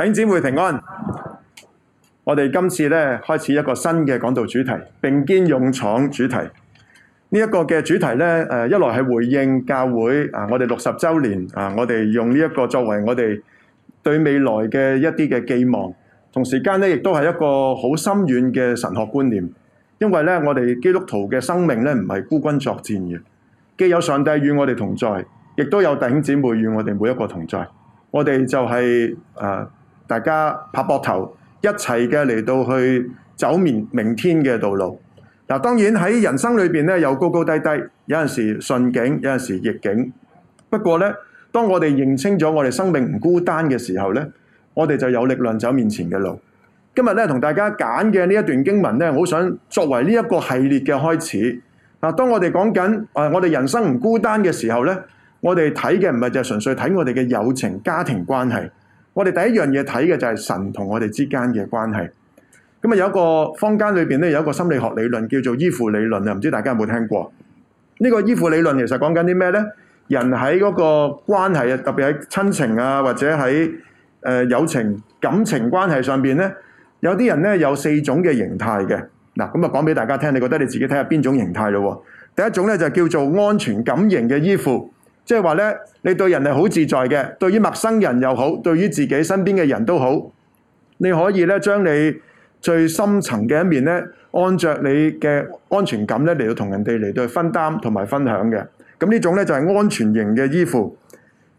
弟兄姊妹平安，我哋今次咧開始一個新嘅講道主題，並肩勇闖主題。呢、這、一個嘅主題咧，誒，一來係回應教會啊，我哋六十週年啊，我哋用呢一個作為我哋對未來嘅一啲嘅寄望。同時間咧，亦都係一個好深遠嘅神學觀念，因為咧，我哋基督徒嘅生命咧唔係孤軍作戰嘅，既有上帝與我哋同在，亦都有弟兄姊妹與我哋每一個同在。我哋就係、是、誒。啊大家拍膊頭，一齊嘅嚟到去走明明天嘅道路。嗱、啊，當然喺人生裏邊咧，有高高低低，有陣時順境，有陣時逆境。不過咧，當我哋認清咗我哋生命唔孤單嘅時候咧，我哋就有力量走面前嘅路。今日咧同大家揀嘅呢一段經文咧，我好想作為呢一個系列嘅開始。嗱、啊，當我哋講緊誒我哋人生唔孤單嘅時候咧，我哋睇嘅唔係就係純粹睇我哋嘅友情、家庭關係。我哋第一樣嘢睇嘅就係神同我哋之間嘅關係。咁啊，有一個坊間裏邊咧，有一個心理學理論叫做依附理論啊，唔知大家有冇聽過？呢個依附理論其實講緊啲咩咧？人喺嗰個關係啊，特別喺親情啊或者喺誒、呃、友情感情關係上邊咧，有啲人咧有四種嘅形態嘅。嗱，咁啊講俾大家聽，你覺得你自己睇下邊種形態咯？第一種咧就叫做安全感型嘅依附。即係話咧，你對人係好自在嘅，對於陌生人又好，對於自己身邊嘅人都好，你可以咧將你最深層嘅一面咧，按着你嘅安全感咧嚟到同人哋嚟到分擔同埋分享嘅。咁呢種咧就係安全型嘅依附。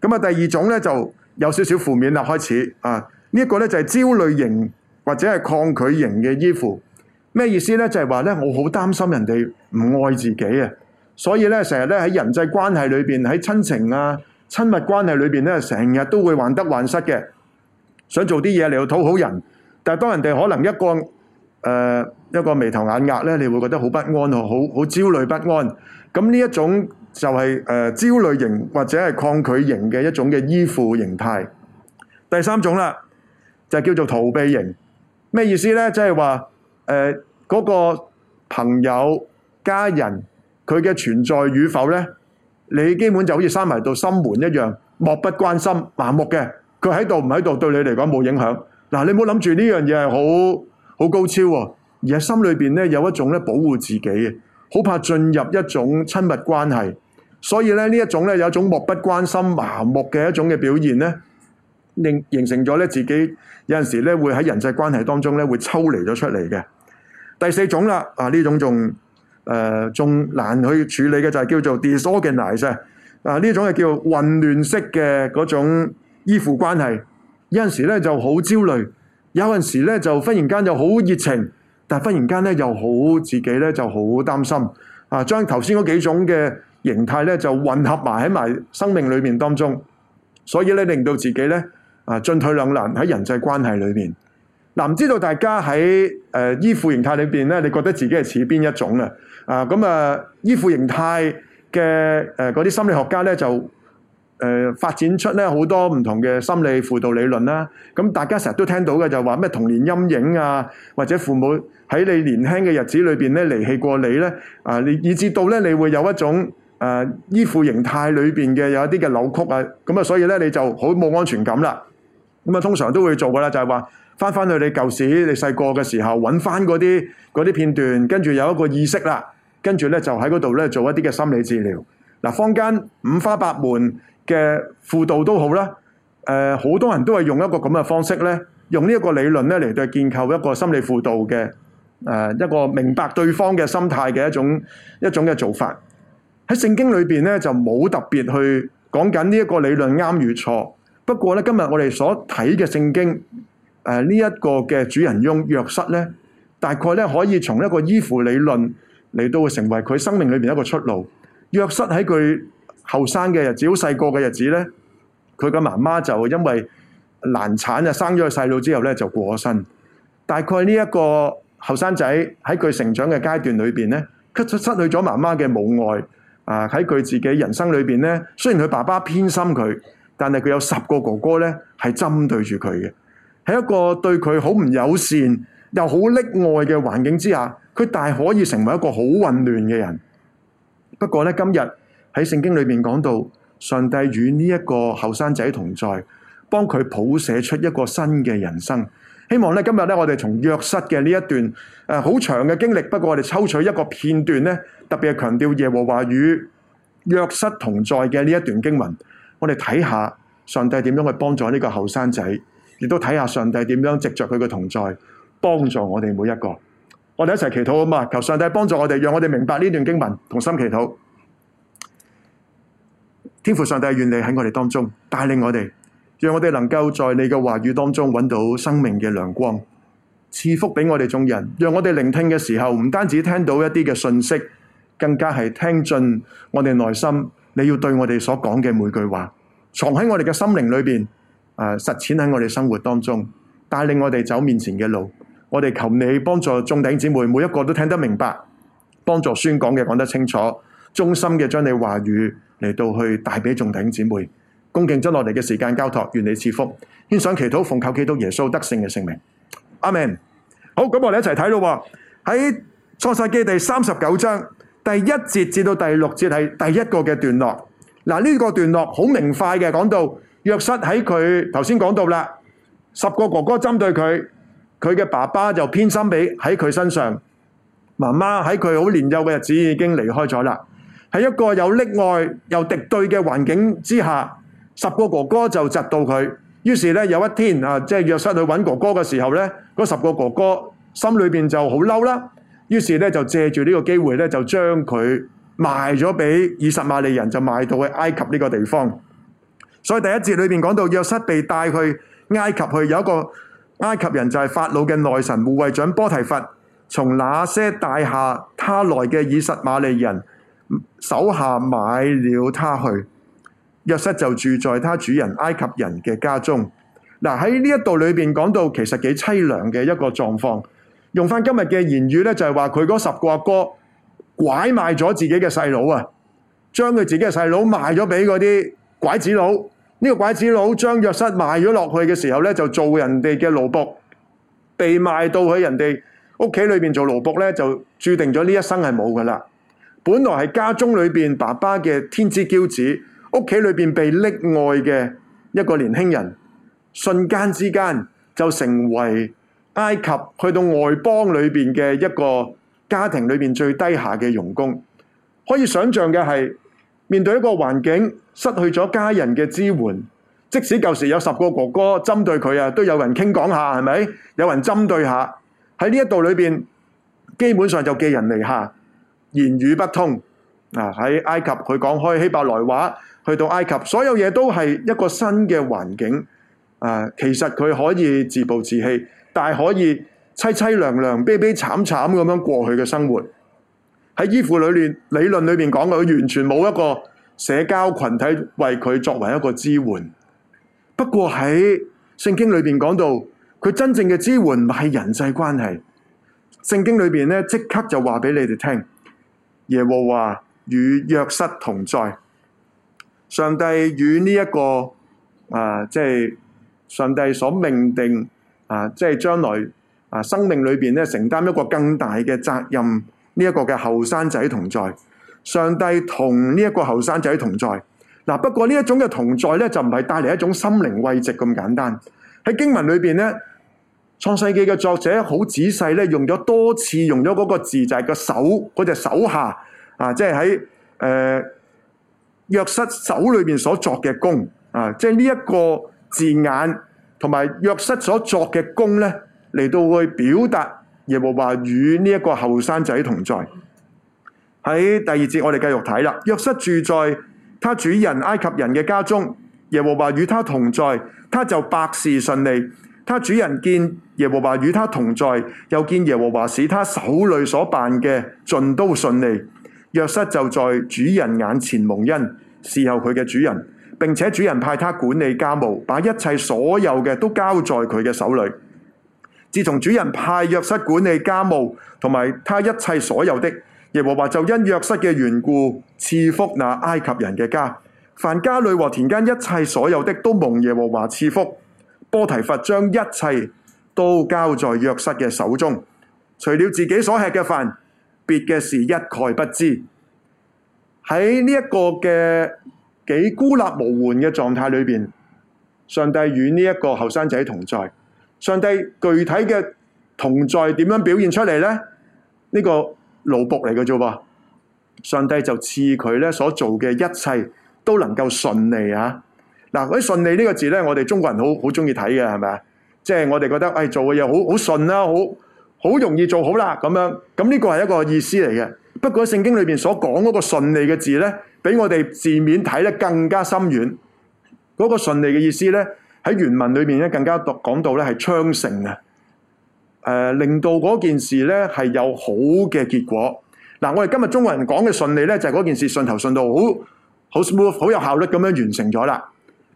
咁啊，第二種咧就有少少負面啦，開始啊，呢一個咧就係焦慮型或者係抗拒型嘅依附。咩意思咧？就係話咧，我好擔心人哋唔愛自己啊。所以咧，成日咧喺人際關係裏邊，喺親情啊、親密關係裏邊咧，成日都會患得患失嘅，想做啲嘢嚟到討好人。但係當人哋可能一個誒、呃、一個眉頭眼額咧，你會覺得好不安，好好焦慮不安。咁呢一種就係、是、誒、呃、焦慮型或者係抗拒型嘅一種嘅依附型態。第三種啦，就叫做逃避型。咩意思咧？即係話誒嗰個朋友家人。佢嘅存在與否咧，你基本就好似閂埋道心門一樣，漠不關心、麻木嘅。佢喺度唔喺度，對你嚟講冇影響。嗱，你唔好諗住呢樣嘢係好好高超喎，而係心裏邊咧有一種咧保護自己嘅，好怕進入一種親密關係。所以咧呢一種咧有一種漠不關心、麻木嘅一種嘅表現咧，形形成咗咧自己有陣時咧會喺人際關係當中咧會抽離咗出嚟嘅。第四種啦，啊呢種仲。誒，仲、呃、難去處理嘅就係叫做 disorganize 啊，呢種係叫混亂式嘅嗰種依附關係，有陣時咧就好焦慮，有陣時咧就忽然間又好熱情，但係忽然間咧又好自己咧就好擔心，啊將頭先嗰幾種嘅形態咧就混合埋喺埋生命裏面當中，所以咧令到自己咧啊進退兩難喺人際關係裏面，嗱、啊、唔知道大家喺誒、呃、依附形態裏邊咧，你覺得自己係似邊一種啊？啊，咁啊、呃，依附形態嘅誒嗰啲心理學家咧就誒、呃、發展出咧好多唔同嘅心理輔導理論啦。咁、啊、大家成日都聽到嘅就係話咩童年陰影啊，或者父母喺你年輕嘅日子裏邊咧離棄過你咧，啊你以至到咧你會有一種誒、呃、依附形態裏邊嘅有一啲嘅扭曲啊。咁啊，所以咧你就好冇安全感啦。咁啊、嗯，通常都會做嘅啦，就係、是、話。翻翻去你舊時，你細個嘅時候揾翻嗰啲嗰啲片段，跟住有一個意識啦，跟住咧就喺嗰度咧做一啲嘅心理治療。嗱，坊間五花八門嘅輔導都好啦，誒、呃、好多人都係用一個咁嘅方式咧，用呢一個理論咧嚟對建構一個心理輔導嘅誒、呃、一個明白對方嘅心態嘅一種一種嘅做法。喺聖經裏邊咧就冇特別去講緊呢一個理論啱與錯。不過咧今日我哋所睇嘅聖經。誒，呢一、啊呢個嘅主人翁約瑟咧，大概咧可以從一個依附理論，嚟到成為佢生命裏邊一個出路。約瑟喺佢後生嘅日子，好細個嘅日子咧，佢嘅媽媽就因為難產啊，生咗個細路之後咧就過咗身。大概呢一個後生仔喺佢成長嘅階段裏邊咧，失失去咗媽媽嘅母愛啊，喺佢自己人生裏邊咧，雖然佢爸爸偏心佢，但係佢有十個哥哥咧係針對住佢嘅。喺一個對佢好唔友善，又好溺愛嘅環境之下，佢大可以成為一個好混亂嘅人。不過咧，今日喺聖經裡面講到，上帝與呢一個後生仔同在，幫佢譜寫出一個新嘅人生。希望咧，今日咧，我哋從約瑟嘅呢一段誒好、呃、長嘅經歷，不過我哋抽取一個片段咧，特別係強調耶和華與約瑟同在嘅呢一段經文，我哋睇下上帝點樣去幫助呢個後生仔。亦都睇下上帝點樣藉着佢嘅同在幫助我哋每一個，我哋一齊祈禱啊嘛，求上帝幫助我哋，讓我哋明白呢段經文，同心祈禱。天父，上帝願你喺我哋當中帶領我哋，讓我哋能夠在你嘅話語當中揾到生命嘅亮光，賜福俾我哋眾人。讓我哋聆聽嘅時候，唔單止聽到一啲嘅信息，更加係聽進我哋內心。你要對我哋所講嘅每句話，藏喺我哋嘅心靈裏邊。啊！實踐喺我哋生活當中，帶領我哋走面前嘅路。我哋求你幫助眾弟兄姊妹，每一個都聽得明白，幫助宣講嘅講得清楚，衷心嘅將你話語嚟到去帶俾眾弟兄姊妹。恭敬將我哋嘅時間交託，願你賜福。獻上祈禱，奉求基督耶穌得勝嘅聖名。阿門。好，咁我哋一齊睇咯。喺創世記第三十九章第一節至到第六節係第一個嘅段落。嗱，呢個段落好明快嘅講到。約瑟喺佢頭先講到啦，十個哥哥針對佢，佢嘅爸爸就偏心俾喺佢身上，媽媽喺佢好年幼嘅日子已經離開咗啦，喺一個有溺愛有敵對嘅環境之下，十個哥哥就窒到佢。於是呢，有一天啊，即係約瑟去搵哥哥嘅時候呢，嗰十個哥哥心裏面就好嬲啦，於是呢，就借住呢個機會呢，就將佢賣咗俾以實瑪利人，就賣到去埃及呢個地方。所以第一節裏面講到約瑟被帶去埃及去，有一個埃及人就係法老嘅內臣護衛長波提乏。從那些帶他下來嘅以實瑪利人手下買了他去。約瑟就住在他主人埃及人嘅家中。嗱喺呢一度裏邊講到其實幾凄涼嘅一個狀況。用翻今日嘅言語咧就係話佢嗰十個阿哥,哥拐賣咗自己嘅細佬啊，將佢自己嘅細佬賣咗畀嗰啲。拐子佬呢、呢個拐子佬將約瑟賣咗落去嘅時候呢，就做人哋嘅奴僕，被賣到去人哋屋企裏面做奴僕呢，就注定咗呢一生係冇㗎喇。本來係家中裏邊爸爸嘅天之驕子，屋企裏邊被溺愛嘅一個年輕人，瞬間之間就成為埃及去到外邦裏邊嘅一個家庭裏邊最低下嘅傭工。可以想象嘅係。面對一個環境，失去咗家人嘅支援，即使舊時有十個哥哥針對佢啊，都有人傾講下，係咪？有人針對下喺呢一度裏邊，基本上就寄人籬下，言語不通。啊，喺埃及佢講開希伯來話，去到埃及所有嘢都係一個新嘅環境。啊，其實佢可以自暴自棄，但係可以凄凄涼涼、悲悲慘慘咁樣過去嘅生活。喺依附論裏面理論裏面講嘅，佢完全冇一個社交群體為佢作為一個支援。不過喺聖經裏邊講到，佢真正嘅支援唔係人際關係。聖經裏邊咧即刻就話俾你哋聽，耶和華與約瑟同在。上帝與呢一個啊，即係上帝所命定啊，即係將來啊生命裏邊咧承擔一個更大嘅責任。呢一個嘅後生仔同在，上帝同呢一個後生仔同在。嗱、啊，不過呢一種嘅同在咧，就唔係帶嚟一種心靈慰藉咁簡單。喺經文裏邊咧，創世記嘅作者好仔細咧，用咗多次，用咗嗰個字就係、是、個手，嗰、那、隻、個、手下啊，即係喺誒約瑟手裏邊所作嘅工，啊，即係呢一個字眼同埋約瑟所作嘅工咧，嚟到去表達。耶和華與呢一個後生仔同在。喺第二節，我哋繼續睇啦。約瑟住在他主人埃及人嘅家中，耶和華與他同在，他就百事順利。他主人見耶和華與他同在，又見耶和華使他手裏所辦嘅盡都順利，約瑟就在主人眼前蒙恩，侍候佢嘅主人，並且主人派他管理家務，把一切所有嘅都交在佢嘅手裏。自從主人派約瑟管理家務，同埋他一切所有的，耶和華就因約瑟嘅緣故賜福那埃及人嘅家，凡家裏和田間一切所有的都蒙耶和華賜福。波提乏將一切都交在約瑟嘅手中，除了自己所吃嘅飯，別嘅事一概不知。喺呢一個嘅幾孤立無援嘅狀態裏邊，上帝與呢一個後生仔同在。上帝具體嘅同在點樣表現出嚟咧？呢、這個勞碌嚟嘅啫噃，上帝就賜佢咧所做嘅一切都能夠順利啊！嗱，嗰啲順利呢個字咧，我哋中國人好好中意睇嘅係咪啊？即係我哋覺得誒、哎、做嘅嘢好好順啦，好好容易做好啦咁樣。咁呢個係一個意思嚟嘅。不過喺聖經裏邊所講嗰個順利嘅字咧，比我哋字面睇得更加深遠。嗰、那個順利嘅意思咧。喺原文裏面咧，更加讀講到咧係昌盛啊！誒、呃，令到嗰件事咧係有好嘅結果。嗱、呃，我哋今日中國人講嘅順利咧，就係、是、嗰件事順頭順道，好好 smooth，好有效率咁樣完成咗啦。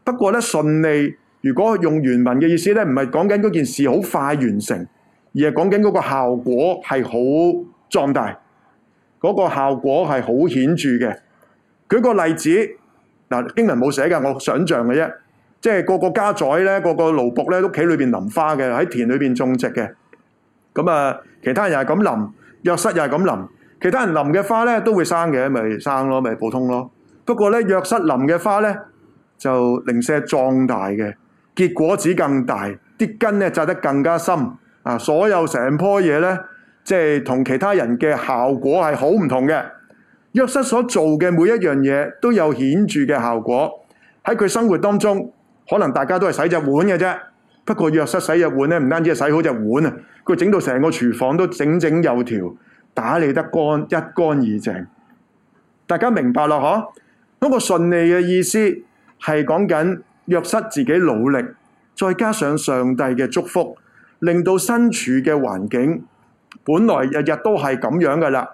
不過咧順利，如果用原文嘅意思咧，唔係講緊嗰件事好快完成，而係講緊嗰個效果係好壯大，嗰、那個效果係好顯著嘅。舉個例子，嗱、呃、英文冇寫噶，我想象嘅啫。即係個個家宰咧，個個勞僕咧，屋企裏邊淋花嘅，喺田裏邊種植嘅。咁啊，其他人又係咁淋，約瑟又係咁淋。其他人淋嘅花咧都會生嘅，咪生咯，咪普通咯。不過咧，約瑟淋嘅花咧就零舍壯大嘅，結果子更大，啲根咧扎得更加深。啊，所有成棵嘢咧，即係同其他人嘅效果係好唔同嘅。約瑟所做嘅每一樣嘢都有顯著嘅效果喺佢生活當中。可能大家都係洗隻碗嘅啫，不過約瑟洗隻碗咧，唔單止係洗好隻碗啊，佢整到成個廚房都整整有條，打理得乾一乾二淨。大家明白啦，嗬？嗰個順利嘅意思係講緊約瑟自己努力，再加上上帝嘅祝福，令到身處嘅環境本來日日都係咁樣噶啦，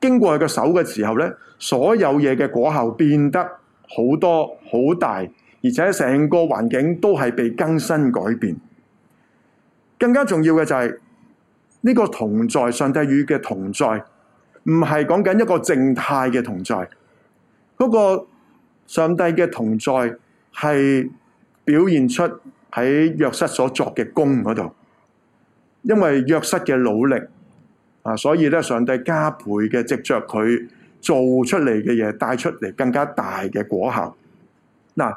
經過佢嘅手嘅時候咧，所有嘢嘅果效變得好多好大。而且成個環境都係被更新改變，更加重要嘅就係呢個同在，上帝與嘅同在，唔係講緊一個靜態嘅同在，嗰個上帝嘅同在係表現出喺約瑟所作嘅功嗰度，因為約瑟嘅努力啊，所以咧，上帝加倍嘅藉着佢做出嚟嘅嘢，帶出嚟更加大嘅果效。嗱。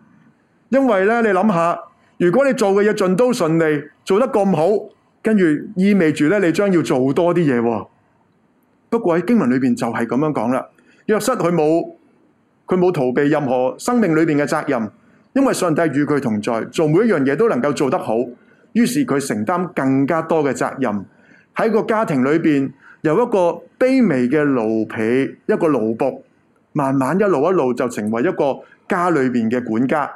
因為呢，你諗下，如果你做嘅嘢盡都順利，做得咁好，跟住意味住咧，你將要做多啲嘢喎。不過喺經文裏面就係咁樣講啦。若失約瑟佢冇，佢冇逃避任何生命裏面嘅責任，因為上帝與佢同在，做每一樣嘢都能夠做得好。於是佢承擔更加多嘅責任。喺個家庭裏邊，由一個卑微嘅奴婢，一個奴僕，慢慢一路一路就成為一個家裏面嘅管家。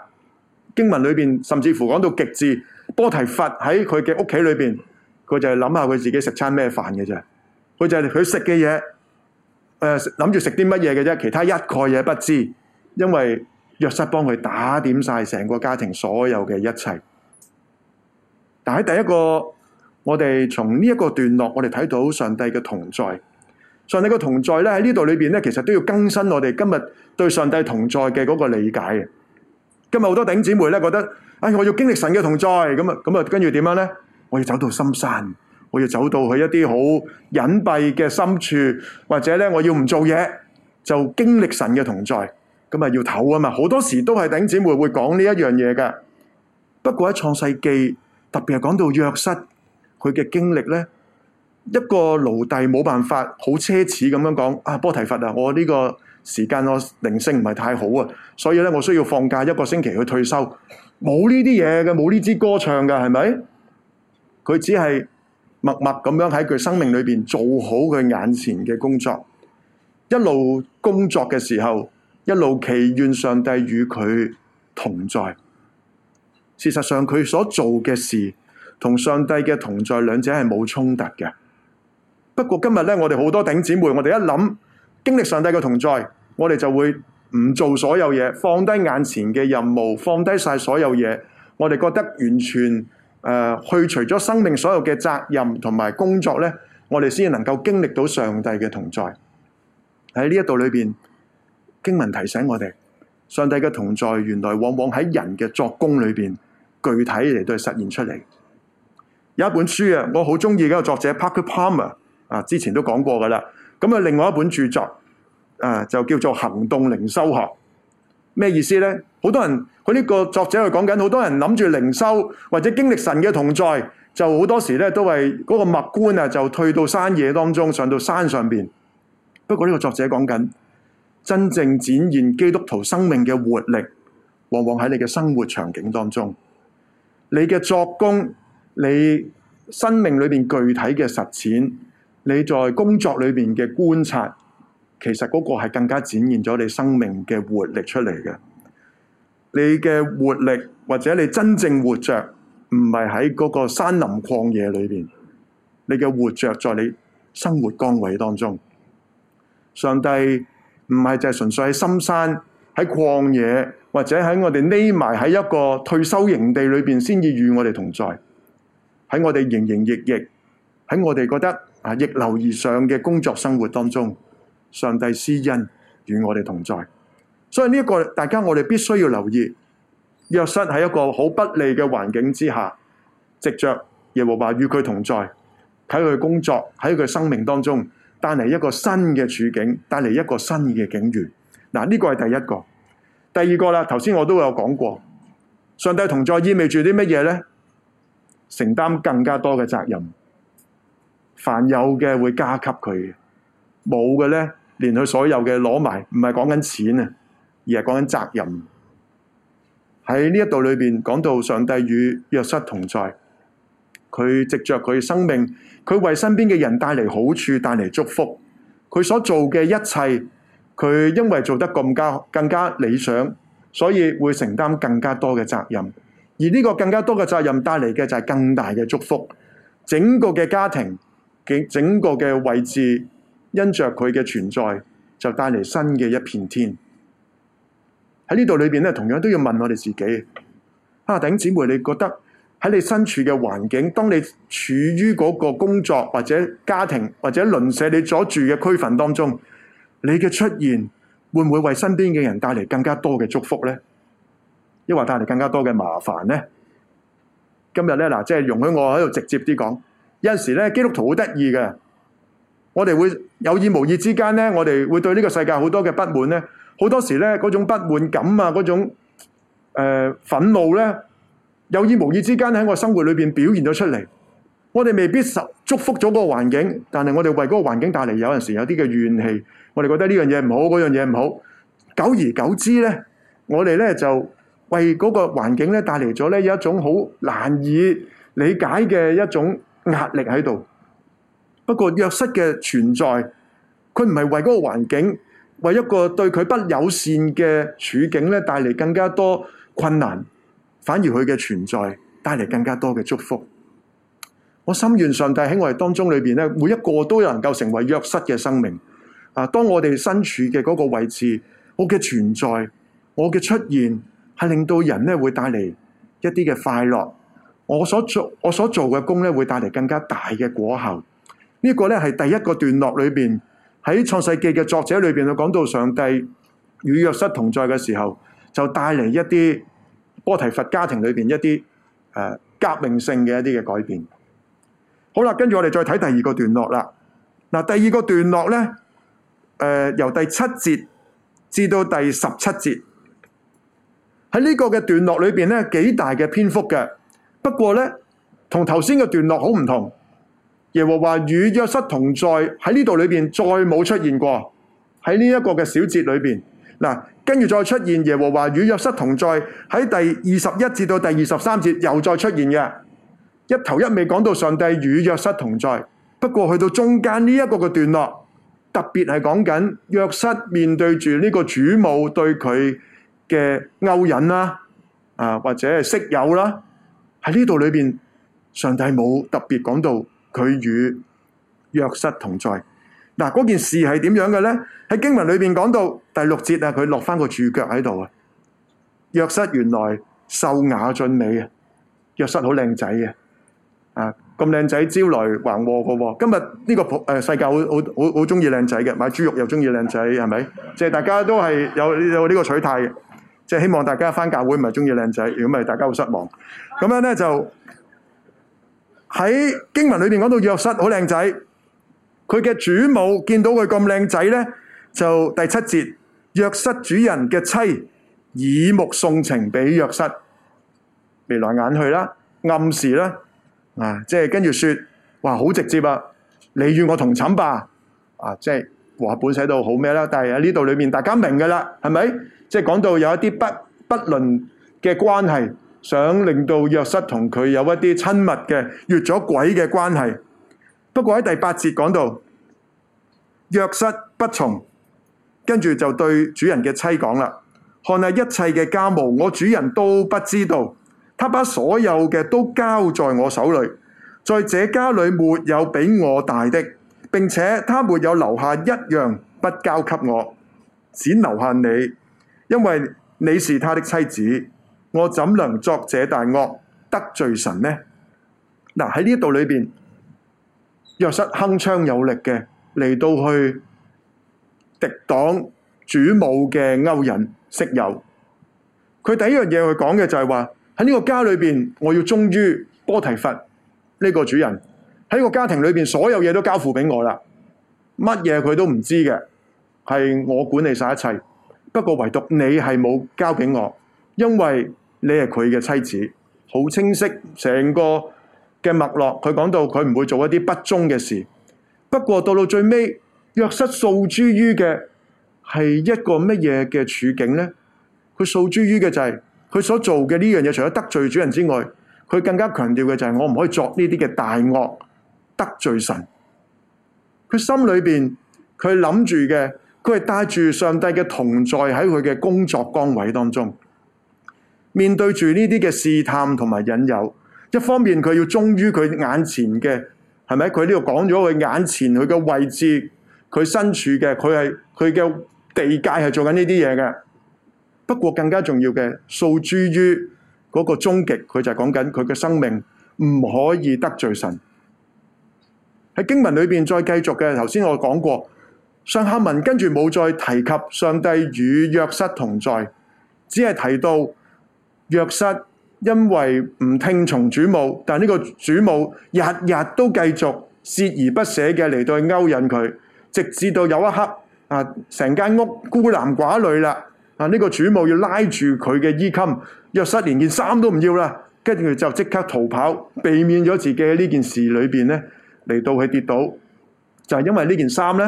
經文裏邊，甚至乎講到極致，波提佛喺佢嘅屋企裏邊，佢就係諗下佢自己食餐咩飯嘅啫，佢就係佢食嘅嘢，誒諗住食啲乜嘢嘅啫，其他一概嘢不知，因為約瑟幫佢打點晒成個家庭所有嘅一切。但喺第一個，我哋從呢一個段落，我哋睇到上帝嘅同在。上帝嘅同在咧喺呢度裏邊咧，其實都要更新我哋今日對上帝同在嘅嗰個理解嘅。咁好多頂姊妹咧，覺得唉，我要經歷神嘅同在，咁啊，咁啊，跟住點樣咧？我要走到深山，我要走到去一啲好隱蔽嘅深處，或者咧，我要唔做嘢就經歷神嘅同在，咁啊，要唞啊嘛。好多時都係頂姊妹會講呢一樣嘢㗎。不過喺創世記，特別係講到約瑟佢嘅經歷咧，一個奴隸冇辦法好奢侈咁樣講啊，波提乏啊，我呢個。時間我靈性唔係太好啊，所以咧我需要放假一個星期去退休。冇呢啲嘢嘅，冇呢支歌唱㗎，係咪？佢只係默默咁樣喺佢生命裏邊做好佢眼前嘅工作。一路工作嘅時候，一路祈願上帝與佢同在。事實上，佢所做嘅事同上帝嘅同在兩者係冇衝突嘅。不過今日咧，我哋好多頂姊妹，我哋一諗，經歷上帝嘅同在，我哋就會唔做所有嘢，放低眼前嘅任務，放低晒所有嘢。我哋覺得完全誒、呃、去除咗生命所有嘅責任同埋工作咧，我哋先能夠經歷到上帝嘅同在。喺呢一度裏邊，經文提醒我哋，上帝嘅同在原來往往喺人嘅作工裏邊具體嚟都係實現出嚟。有一本書啊，我好中意嘅作者 Parker Palmer 啊，之前都講過噶啦。咁啊，另外一本著作，啊，就叫做《行動靈修學》，咩意思咧？好多人佢呢個作者就講緊，好多人諗住靈修或者經歷神嘅同在，就好多時咧都係嗰個默觀啊，就退到山野當中，上到山上邊。不過呢個作者講緊，真正展現基督徒生命嘅活力，往往喺你嘅生活場景當中，你嘅作工，你生命裏邊具體嘅實踐。你在工作裏面嘅觀察，其實嗰個係更加展現咗你生命嘅活力出嚟嘅。你嘅活力或者你真正活着，唔係喺嗰個山林曠野裏面。你嘅活着在你生活崗位當中。上帝唔係淨係純粹喺深山喺曠野，或者喺我哋匿埋喺一個退休營地裏面先至與我哋同在。喺我哋營營役役，喺我哋覺得。啊！逆流而上嘅工作生活當中，上帝施恩與我哋同在。所以呢一個，大家我哋必須要留意。若失喺一個好不利嘅環境之下，藉着耶和華與佢同在，喺佢工作喺佢生命當中帶嚟一個新嘅處境，帶嚟一個新嘅境遇。嗱，呢個係第一個。第二個啦，頭先我都有講過，上帝同在意味住啲乜嘢咧？承擔更加多嘅責任。凡有嘅會加給佢，冇嘅咧連佢所有嘅攞埋，唔係講緊錢啊，而係講緊責任。喺呢一度裏邊講到上帝與約瑟同在，佢藉着佢生命，佢為身邊嘅人帶嚟好處，帶嚟祝福。佢所做嘅一切，佢因為做得更加更加理想，所以會承擔更加多嘅責任。而呢個更加多嘅責任帶嚟嘅就係更大嘅祝福，整個嘅家庭。整整個嘅位置，因着佢嘅存在，就帶嚟新嘅一片天。喺呢度裏邊咧，同樣都要問我哋自己，啊，弟兄姊妹，你覺得喺你身處嘅環境，當你處於嗰個工作或者家庭或者鄰舍、你所住嘅區份當中，你嘅出現會唔會為身邊嘅人帶嚟更加多嘅祝福呢？抑或帶嚟更加多嘅麻煩呢？」今日咧嗱，即係容許我喺度直接啲講。有時咧，基督徒好得意嘅，我哋會有意無意之間咧，我哋會對呢個世界好多嘅不滿咧。好多時咧，嗰種不滿感啊，嗰種誒、呃、憤怒咧，有意無意之間喺我生活裏邊表現咗出嚟。我哋未必實祝福咗嗰個環境，但係我哋為嗰個環境帶嚟，有陣時有啲嘅怨氣。我哋覺得呢樣嘢唔好，嗰樣嘢唔好。久而久之咧，我哋咧就為嗰個環境咧帶嚟咗咧有一種好難以理解嘅一種。壓力喺度，不過約瑟嘅存在，佢唔係為嗰個環境，為一個對佢不友善嘅處境咧，帶嚟更加多困難，反而佢嘅存在帶嚟更加多嘅祝福。我心願上帝喺我哋當中裏邊咧，每一個都有能夠成為約瑟嘅生命。啊，當我哋身處嘅嗰個位置，我嘅存在，我嘅出現，係令到人咧會帶嚟一啲嘅快樂。我所做我所做嘅功咧，會帶嚟更加大嘅果效。這個、呢個咧係第一個段落裏邊，喺創世記嘅作者裏邊，佢講到上帝與約瑟同在嘅時候，就帶嚟一啲波提佛家庭裏邊一啲誒、呃、革命性嘅一啲嘅改變。好啦，跟住我哋再睇第二個段落啦。嗱、啊，第二個段落咧，誒、呃、由第七節至到第十七節，喺呢個嘅段落裏邊咧，幾大嘅篇幅嘅。不過呢，同頭先嘅段落好唔同。耶和華與約瑟同在喺呢度裏邊，再冇出現過喺呢一個嘅小節裏邊。嗱，跟住再出現耶和華與約瑟同在喺第二十一至到第二十三節，又再出現嘅。一頭一尾講到上帝與約瑟同在，不過去到中間呢一個嘅段落，特別係講緊約瑟面對住呢個主母對佢嘅勾引啦，啊，或者係色友啦。喺呢度裏邊，上帝冇特別講到佢與約瑟同在。嗱、啊，嗰件事係點樣嘅咧？喺經文裏邊講到第六節啊，佢落翻個註腳喺度啊。約瑟原來秀雅俊美啊，約瑟好靚仔嘅，啊咁靚仔招來橫禍嘅。今日呢、這個誒、呃、世界好好好好中意靚仔嘅，買豬肉又中意靚仔，係咪？即、就、係、是、大家都係有有呢個取態嘅。即係希望大家返教會唔係鍾意靚仔，如果唔係大家好失望。咁樣咧就喺經文裏邊講到約瑟好靚仔，佢嘅主母見到佢咁靚仔咧，就第七節約瑟主人嘅妻以目送情俾約瑟，眉來眼去啦，暗示啦，啊，即係跟住説，哇，好直接啊，你與我同寢吧，啊，即係和合本寫到好咩啦，但係喺呢度裏面大家明㗎啦，係咪？.即係講到有一啲不不倫嘅關係，想令到約瑟同佢有一啲親密嘅越咗軌嘅關係。不過喺第八節講到約瑟不從，跟住就對主人嘅妻講啦：看下一切嘅家務，我主人都不知道，他把所有嘅都交在我手裏，在這家裏沒有比我大的，並且他沒有留下一樣不交給我，只留下你。因為你是他的妻子，我怎能作這大惡得罪神呢？嗱喺呢度裏邊，約瑟鏗鏘有力嘅，嚟到去敵擋主母嘅勾引色誘。佢第一樣嘢佢講嘅就係話，喺呢個家裏邊，我要忠於波提乏，呢個主人喺個家庭裏邊，所有嘢都交付畀我啦，乜嘢佢都唔知嘅，係我管理晒一切。不過唯獨你係冇交俾我，因為你係佢嘅妻子，好清晰。成個嘅脈絡，佢講到佢唔會做一啲不忠嘅事。不過到到最尾，約瑟訴諸於嘅係一個乜嘢嘅處境呢？佢訴諸於嘅就係、是、佢所做嘅呢樣嘢，除咗得罪主人之外，佢更加強調嘅就係、是、我唔可以作呢啲嘅大惡得罪神。佢心裏邊佢諗住嘅。佢係帶住上帝嘅同在喺佢嘅工作崗位當中，面對住呢啲嘅試探同埋引誘，一方面佢要忠於佢眼前嘅，係咪？佢呢度講咗佢眼前佢嘅位置，佢身處嘅，佢係佢嘅地界係做緊呢啲嘢嘅。不過更加重要嘅，訴諸於嗰個終極，佢就係講緊佢嘅生命唔可以得罪神。喺經文裏邊再繼續嘅，頭先我講過。上下文跟住冇再提及上帝與約瑟同在，只係提到約瑟因為唔聽從主母，但呢個主母日日都繼續鍥而不捨嘅嚟到去勾引佢，直至到有一刻啊，成間屋孤男寡女啦，啊，呢個主母要拉住佢嘅衣襟，約瑟連件衫都唔要啦，跟住佢就即刻逃跑，避免咗自己喺呢件事裏邊呢嚟到去跌倒，就係因為呢件衫咧。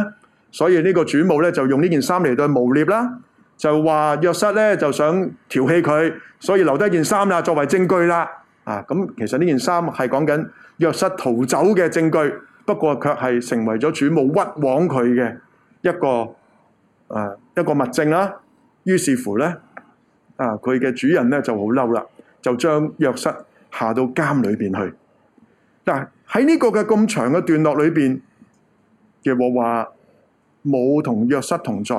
所以呢個主母咧就用呢件衫嚟對誣衊啦，就話約瑟咧就想調戲佢，所以留低件衫啦作為證據啦。啊，咁其實呢件衫係講緊約瑟逃走嘅證據，不過卻係成為咗主母屈枉佢嘅一個啊一個物證啦。於是乎咧，啊佢嘅主人咧就好嬲啦，就將約瑟下到監裏邊去。但喺呢個嘅咁長嘅段落裏邊，耶和華。冇同約瑟同在，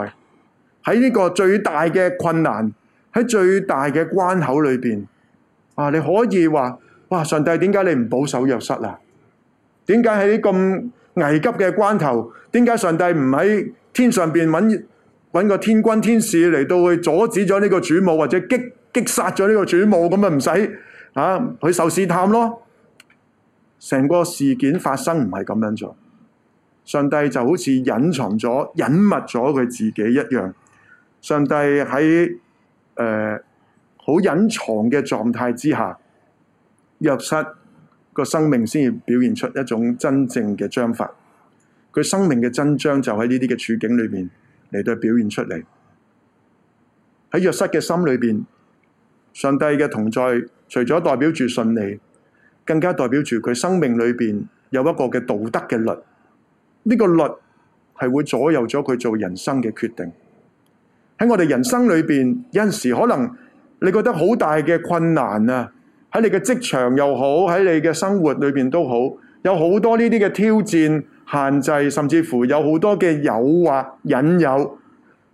喺呢個最大嘅困難，喺最大嘅關口裏邊，啊，你可以話，哇，上帝點解你唔保守約瑟啊？點解喺咁危急嘅關頭，點解上帝唔喺天上邊揾揾個天軍天使嚟到去阻止咗呢個主母，或者擊擊殺咗呢個主母咁咪唔使啊，去受試探咯，成個事件發生唔係咁樣做。上帝就好似隱藏咗、隱密咗佢自己一樣。上帝喺誒好隱藏嘅狀態之下，約瑟個生命先至表現出一種真正嘅章法。佢生命嘅真章就喺呢啲嘅處境裏邊嚟到表現出嚟。喺約瑟嘅心裏邊，上帝嘅同在除咗代表住順利，更加代表住佢生命裏邊有一個嘅道德嘅律。呢個律係會左右咗佢做人生嘅決定。喺我哋人生裏邊，有陣時可能你覺得好大嘅困難啊，喺你嘅職場又好，喺你嘅生活裏邊都好，有好多呢啲嘅挑戰、限制，甚至乎有好多嘅誘惑、引誘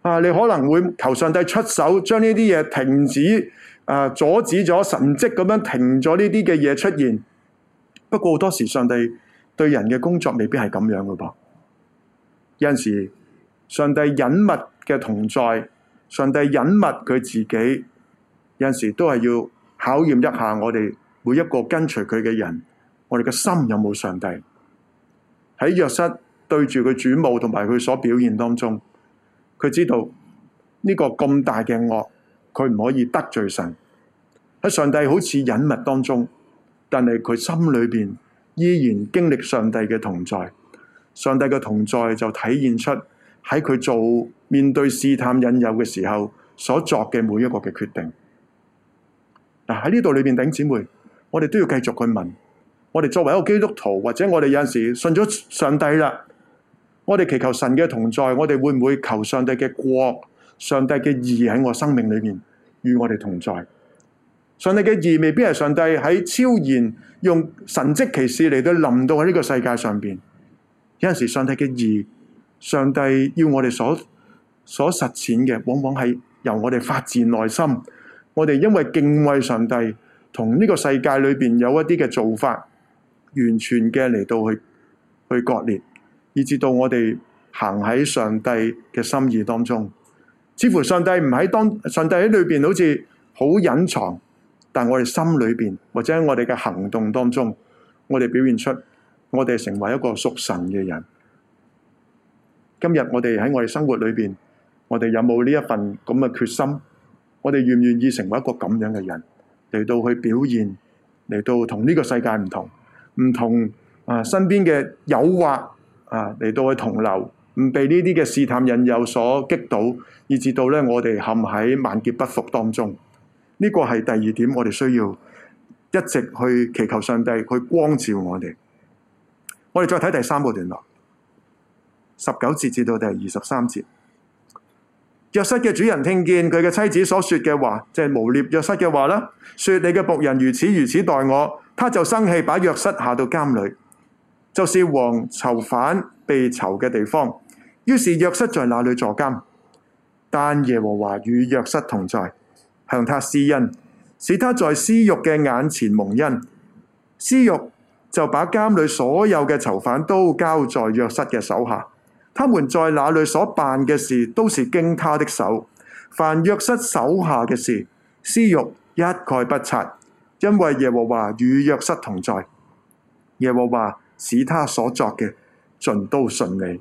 啊！你可能會求上帝出手，將呢啲嘢停止啊，阻止咗神蹟咁樣停咗呢啲嘅嘢出現。不過好多時，上帝對人嘅工作未必係咁樣嘅噃。有陣時，上帝隱密嘅同在，上帝隱密佢自己，有陣時都係要考驗一下我哋每一個跟隨佢嘅人，我哋嘅心有冇上帝？喺約瑟對住佢主母同埋佢所表現當中，佢知道呢個咁大嘅惡，佢唔可以得罪神。喺上帝好似隱密當中，但係佢心裏邊依然經歷上帝嘅同在。上帝嘅同在就體現出喺佢做面對試探引誘嘅時候所作嘅每一個嘅決定。嗱，喺呢度裏邊，弟兄姊妹，我哋都要繼續去問，我哋作為一個基督徒，或者我哋有陣時信咗上帝啦，我哋祈求神嘅同在，我哋會唔會求上帝嘅國、上帝嘅義喺我生命裏面與我哋同在？上帝嘅義未必係上帝喺超然用神蹟奇事嚟到臨到喺呢個世界上邊。有陣時，上帝嘅義，上帝要我哋所所實踐嘅，往往係由我哋發自內心。我哋因為敬畏上帝，同呢個世界裏邊有一啲嘅做法，完全嘅嚟到去去割裂，以至到我哋行喺上帝嘅心意當中。似乎上帝唔喺當，上帝喺裏邊好似好隱藏，但我哋心裏邊或者喺我哋嘅行動當中，我哋表現出。我哋成為一個屬神嘅人。今日我哋喺我哋生活裏邊，我哋有冇呢一份咁嘅決心？我哋願唔願意成為一個咁樣嘅人嚟到去表現，嚟到同呢個世界唔同，唔同啊，身邊嘅誘惑啊嚟到去同流，唔被呢啲嘅試探引誘所擊倒，以至到咧我哋陷喺萬劫不復當中。呢個係第二點，我哋需要一直去祈求上帝去光照我哋。我哋再睇第三個段落，十九節至到第二十三節。約瑟嘅主人聽見佢嘅妻子所說嘅話，就係誣衊約瑟嘅話啦，說，你嘅僕人如此如此待我，他就生氣，把約瑟下到監裏，就是王囚犯被囚嘅地方。於是約瑟在那裏坐監，但耶和華與約瑟同在，向他施恩，使他在司獄嘅眼前蒙恩，司獄。就把監裏所有嘅囚犯都交在約瑟嘅手下，他們在那裏所辦嘅事都是經他的手。凡約瑟手下嘅事，司獄一概不察，因為耶和華與約瑟同在。耶和華使他所作嘅盡都順利。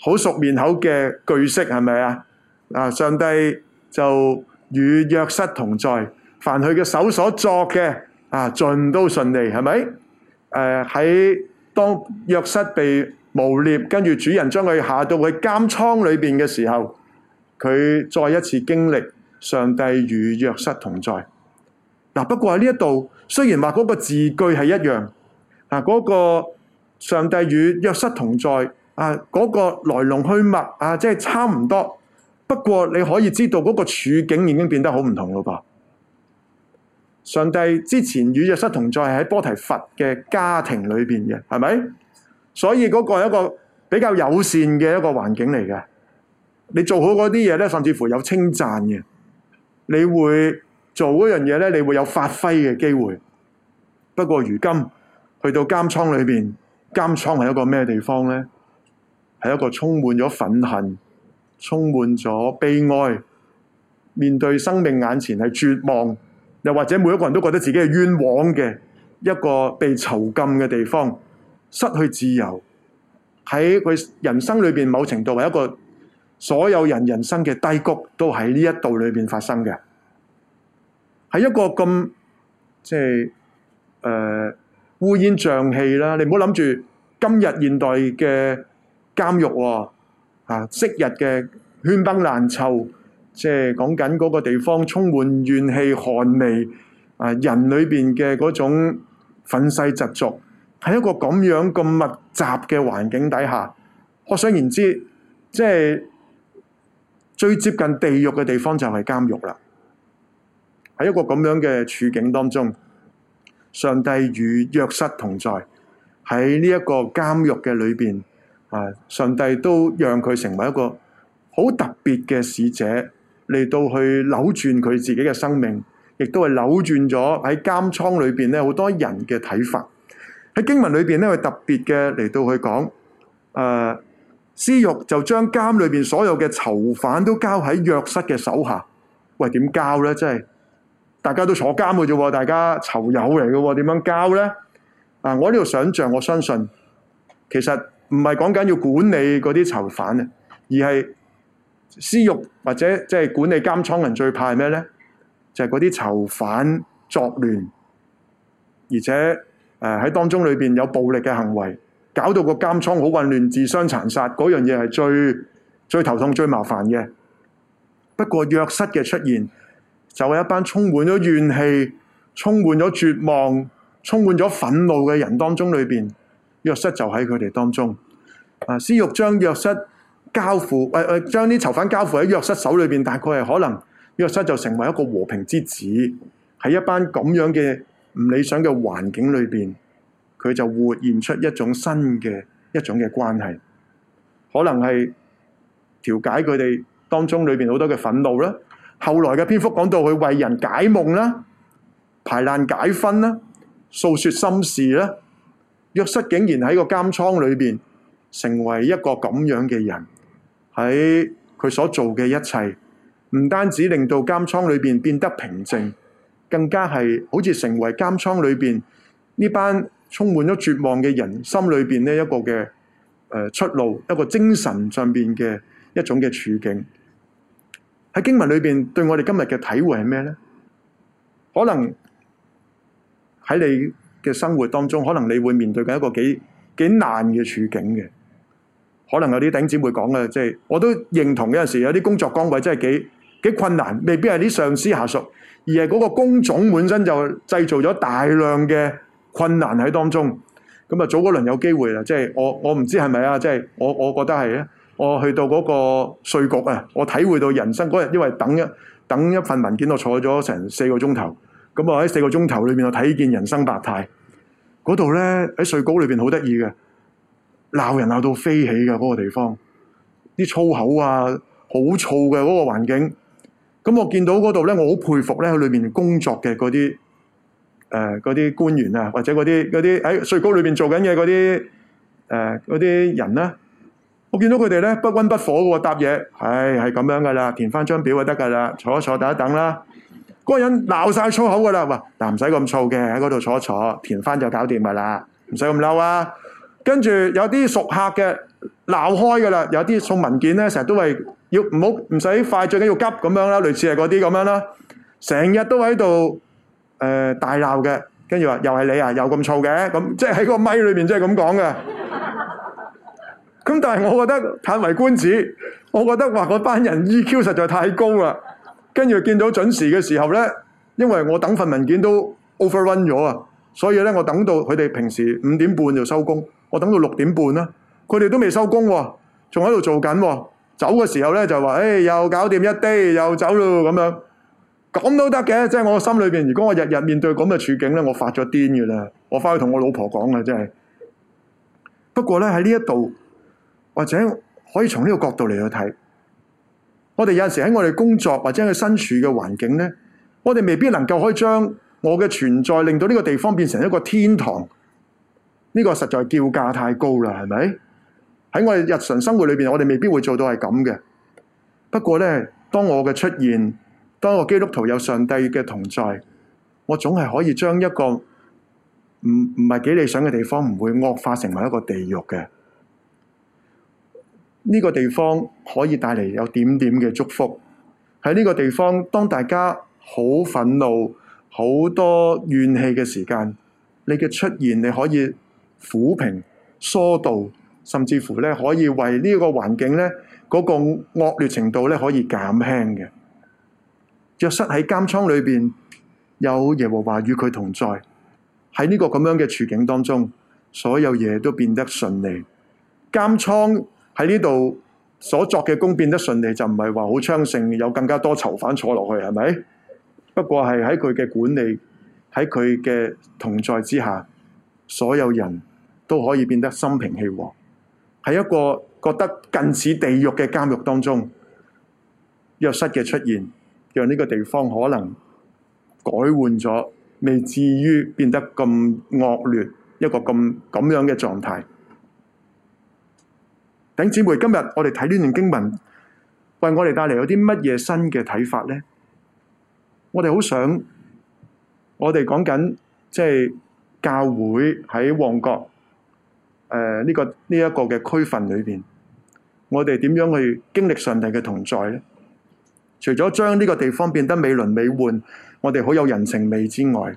好熟面口嘅句式係咪啊？啊，上帝就與約瑟同在，凡佢嘅手所作嘅。啊，盡都順利，係咪？誒，呃，喺當約瑟被污蔑，跟住主人將佢下到去監倉裏邊嘅時候，佢再一次經歷上帝與約瑟同在。嗱，不過喺呢一度，雖然話嗰個字句係一樣，啊，嗰個上帝與約瑟同在，啊，嗰個來龍去脈，啊，即係差唔多。不過你可以知道嗰個處境已經變得好唔同嘞噃。上帝之前與約瑟同在係喺波提乏嘅家庭裏邊嘅，係咪？所以嗰個係一個比較友善嘅一個環境嚟嘅。你做好嗰啲嘢咧，甚至乎有稱讚嘅。你會做嗰樣嘢咧，你會有發揮嘅機會。不過如今去到監倉裏邊，監倉係一個咩地方咧？係一個充滿咗憤恨、充滿咗悲哀，面對生命眼前係絕望。又或者每一個人都覺得自己係冤枉嘅一個被囚禁嘅地方，失去自由喺佢人生裏邊某程度係一個所有人人生嘅低谷，都喺呢一度裏邊發生嘅，係一個咁即係誒烏煙瘴氣啦！你唔好諗住今日現代嘅監獄喎、啊，嚇、啊、昔日嘅圈崩爛臭。即係講緊嗰個地方充滿怨氣、寒味，啊，人裏邊嘅嗰種憤世嫉俗，喺一個咁樣咁密集嘅環境底下，可想而知，即係最接近地獄嘅地方就係監獄啦。喺一個咁樣嘅處境當中，上帝與約瑟同在喺呢一個監獄嘅裏邊啊，上帝都讓佢成為一個好特別嘅使者。嚟到去扭轉佢自己嘅生命，亦都係扭轉咗喺監倉裏邊咧，好多人嘅睇法喺經文裏邊咧，佢特別嘅嚟到去講，誒、呃，司獄就將監裏邊所有嘅囚犯都交喺約瑟嘅手下，喂，點交咧？即係大家都坐監嘅啫，大家囚友嚟嘅，點樣交咧？啊、呃，我呢度想象，我相信其實唔係講緊要管理嗰啲囚犯啊，而係。司獄或者即係管理監倉人最怕係咩呢？就係嗰啲囚犯作亂，而且誒喺、呃、當中裏邊有暴力嘅行為，搞到個監倉好混亂，自相殘殺，嗰樣嘢係最最頭痛、最麻煩嘅。不過約瑟嘅出現，就係、是、一班充滿咗怨氣、充滿咗絕望、充滿咗憤怒嘅人當中裏邊，約瑟就喺佢哋當中。啊，司獄將約瑟。交付誒誒，將啲囚犯交付喺約瑟手裏邊，但佢係可能約瑟就成為一個和平之子，喺一班咁樣嘅唔理想嘅環境裏邊，佢就活現出一種新嘅一種嘅關係，可能係調解佢哋當中裏邊好多嘅憤怒啦。後來嘅篇幅講到佢為人解夢啦、排難解紛啦、訴說心事啦，約瑟竟然喺個監倉裏邊成為一個咁樣嘅人。喺佢所做嘅一切，唔單止令到監倉裏邊變得平靜，更加係好似成為監倉裏邊呢班充滿咗絕望嘅人心裏邊呢一個嘅出路，一個精神上邊嘅一種嘅處境。喺經文裏邊對我哋今日嘅體會係咩呢？可能喺你嘅生活當中，可能你會面對緊一個幾幾難嘅處境嘅。可能有啲頂姊妹講嘅，即係我都認同有陣時，有啲工作崗位真係幾幾困難，未必係啲上司下屬，而係嗰個工種本身就製造咗大量嘅困難喺當中。咁啊，早嗰輪有機會啦，即係我我唔知係咪啊，即係我我覺得係啊。我去到嗰個稅局啊，我體會到人生嗰日，因為等一等一份文件，我坐咗成四個鐘頭。咁啊喺四個鐘頭裏面，我睇見人生百態。嗰度咧喺稅局裏邊好得意嘅。鬧人鬧到飛起嘅嗰個地方，啲粗口啊，好燥嘅嗰個環境。咁我見到嗰度咧，我好佩服咧，喺裏面工作嘅嗰啲誒，嗰、呃、啲官員啊，或者嗰啲啲喺稅局裏邊做緊嘢嗰啲誒，嗰、呃、啲人咧、啊，我見到佢哋咧不溫不火嘅搭嘢，係係咁樣噶啦，填翻張表就得噶啦，坐一坐，一坐一等一等啦。嗰個人鬧晒粗口噶啦，哇、呃！嗱唔使咁燥嘅，喺嗰度坐一坐，填翻就搞掂噶啦，唔使咁嬲啊。跟住有啲熟客嘅鬧開㗎喇，有啲送文件咧，成日都係要唔好唔使快，最緊要急咁樣啦，類似係嗰啲咁樣啦，成日都喺度誒大鬧嘅，跟住話又係你啊，又咁躁嘅，咁即係喺個咪裏面即係咁講嘅。咁但係我覺得嘆為觀止，我覺得話嗰班人 EQ 實在太高喇！跟住見到準時嘅時候咧，因為我等份文件都 overrun 咗啊，所以咧我等到佢哋平時五點半就收工。我等到六點半啦，佢哋都未收工喎，仲喺度做緊喎。走嘅時候咧就話，誒、哎、又搞掂一啲，又走咯咁樣。咁都得嘅，即係我心裏邊。如果我日日面對咁嘅處境咧，我發咗癲嘅啦。我翻去同我老婆講啦，真係。不過咧喺呢一度，或者可以從呢個角度嚟去睇。我哋有陣時喺我哋工作或者佢身處嘅環境咧，我哋未必能夠可以將我嘅存在令到呢個地方變成一個天堂。呢個實在叫價太高啦，係咪？喺我哋日常生活裏邊，我哋未必會做到係咁嘅。不過呢，當我嘅出現，當我基督徒有上帝嘅同在，我總係可以將一個唔唔係幾理想嘅地方，唔會惡化成為一個地獄嘅。呢、這個地方可以帶嚟有點點嘅祝福。喺呢個地方，當大家好憤怒、好多怨氣嘅時間，你嘅出現，你可以。撫平、疏導，甚至乎咧可以為呢個環境咧嗰個惡劣程度咧可以減輕嘅。約瑟喺監倉裏邊，有耶和華與佢同在，喺呢個咁樣嘅處境當中，所有嘢都變得順利。監倉喺呢度所作嘅工變得順利，就唔係話好昌盛，有更加多囚犯坐落去係咪？不過係喺佢嘅管理，喺佢嘅同在之下，所有人。都可以變得心平氣和。喺一個覺得近似地獄嘅監獄當中，約瑟嘅出現，讓呢個地方可能改換咗，未至於變得咁惡劣，一個咁咁樣嘅狀態。頂姊妹，今日我哋睇呢段經文，為我哋帶嚟有啲乜嘢新嘅睇法呢？我哋好想，我哋講緊即係教會喺旺角。誒，呢、呃這個呢一、這個嘅區份裏邊，我哋點樣去經歷上帝嘅同在呢？除咗將呢個地方變得美輪美奐，我哋好有人情味之外，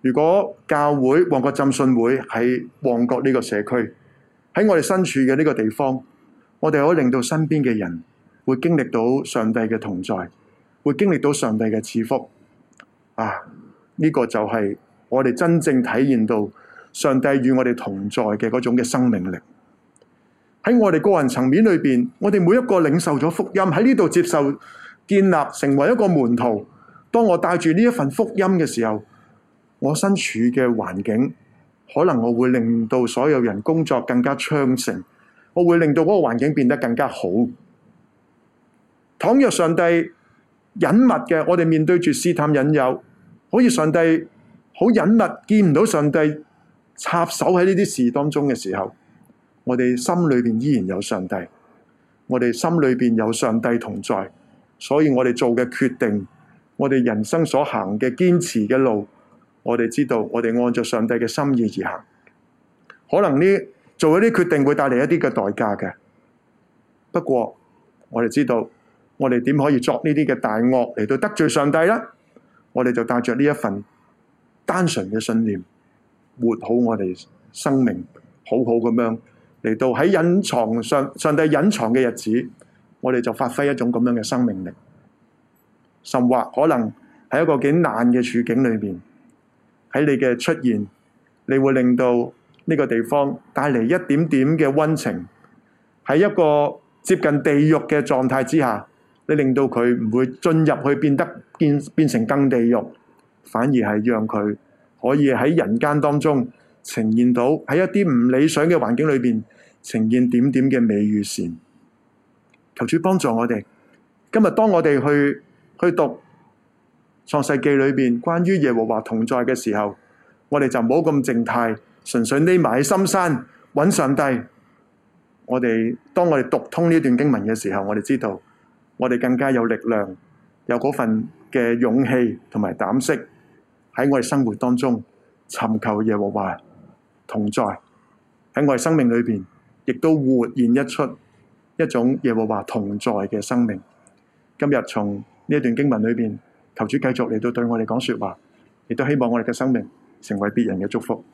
如果教會旺角浸信會喺旺角呢個社區，喺我哋身處嘅呢個地方，我哋可以令到身邊嘅人會經歷到上帝嘅同在，會經歷到上帝嘅賜福啊！呢、這個就係我哋真正體驗到。上帝與我哋同在嘅嗰種嘅生命力，喺我哋個人層面裏邊，我哋每一個領受咗福音喺呢度接受建立成為一個門徒。當我帶住呢一份福音嘅時候，我身處嘅環境，可能我會令到所有人工作更加昌盛，我會令到嗰個環境變得更加好。倘若上帝隱密嘅，我哋面對住試探引誘，好似上帝好隱密，見唔到上帝，插手喺呢啲事當中嘅時候，我哋心裏邊依然有上帝，我哋心裏邊有上帝同在，所以我哋做嘅決定，我哋人生所行嘅堅持嘅路，我哋知道，我哋按照上帝嘅心意而行。可能呢做一啲決定會帶嚟一啲嘅代價嘅，不過我哋知道，我哋點可以作呢啲嘅大惡嚟到得罪上帝咧？我哋就帶着呢一份單純嘅信念。活好我哋生命，好好咁樣嚟到喺隱藏上上帝隱藏嘅日子，我哋就發揮一種咁樣嘅生命力。甚或可能喺一個幾難嘅處境裏邊，喺你嘅出現，你會令到呢個地方帶嚟一點點嘅溫情。喺一個接近地獄嘅狀態之下，你令到佢唔會進入去變得變變成更地獄，反而係讓佢。可以喺人間當中呈現到，喺一啲唔理想嘅環境裏邊呈現點點嘅美與善，求主幫助我哋。今日當我哋去去讀創世記裏邊關於耶和華同在嘅時候，我哋就唔好咁靜態，純粹匿埋喺深山揾上帝。我哋當我哋讀通呢段經文嘅時候，我哋知道我哋更加有力量，有嗰份嘅勇氣同埋膽識。喺我哋生活當中尋求耶和華同在，喺我哋生命裏邊亦都活現一出一種耶和華同在嘅生命。今日從呢一段經文裏邊，求主繼續嚟到對我哋講說話，亦都希望我哋嘅生命成為別人嘅祝福。